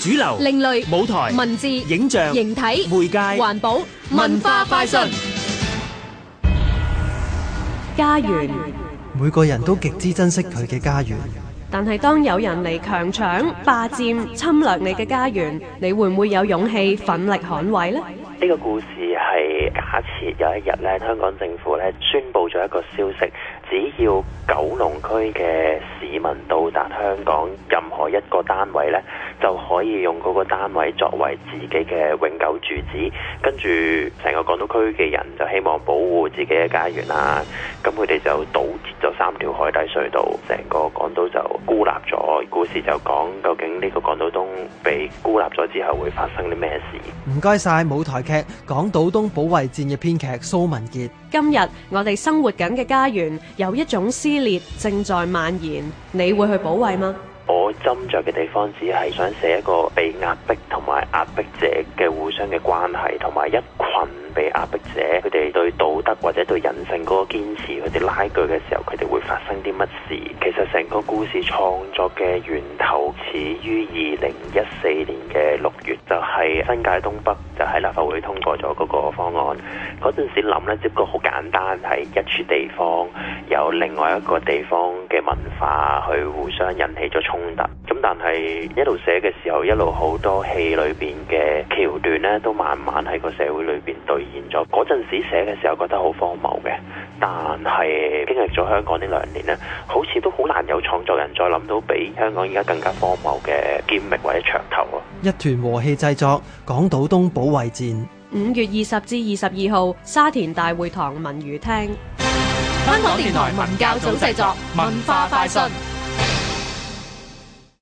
主流、另類舞台、文字、影像、形體、媒介、環保、文化快訊、家園，每個人都極之珍惜佢嘅家園。但係，當有人嚟強搶、霸佔、侵略你嘅家園，你會唔會有勇氣奮力捍衛呢？呢個故事係假設有一日呢，香港政府呢宣佈咗一個消息，只要九龍區嘅市民到達香港任何一個單位呢。就可以用嗰個單位作為自己嘅永久住址，跟住，成個港島區嘅人就希望保護自己嘅家園啦。咁佢哋就堵截咗三條海底隧道，成個港島就孤立咗。故事就講究竟呢個港島東被孤立咗之後會發生啲咩事？唔該晒舞台劇《港島東保衛戰》嘅編劇蘇文杰。今日我哋生活緊嘅家園有一種撕裂正在蔓延，你會去保衛嗎？斟酌嘅地方，只係想寫一個被壓迫同埋壓迫者嘅互相嘅關係同埋一群被壓迫者，佢哋對道德或者對人性個堅持，佢哋拉鋸嘅時候，佢哋會發生啲乜事？其實成個故事創作嘅源頭始於二零一四年嘅六月，就係新界東北就係立法會通過咗嗰個方案。嗰陣時諗咧，只個好簡單，係一處地方有另外一個地方嘅文化去互相引起咗衝突。咁但係一路寫嘅時候，一路好多戲裏邊嘅橋段咧，都慢慢喺個社會裏。便兌現咗嗰陣時寫嘅時候覺得好荒謬嘅，但係經歷咗香港呢兩年咧，好似都好難有創作人再諗到比香港而家更加荒謬嘅編劇或者噱頭咯。一團和氣製作《港島東保衛戰》，五月二十至二十二號沙田大會堂文娛廳。香港電台文教組製作文化快訊。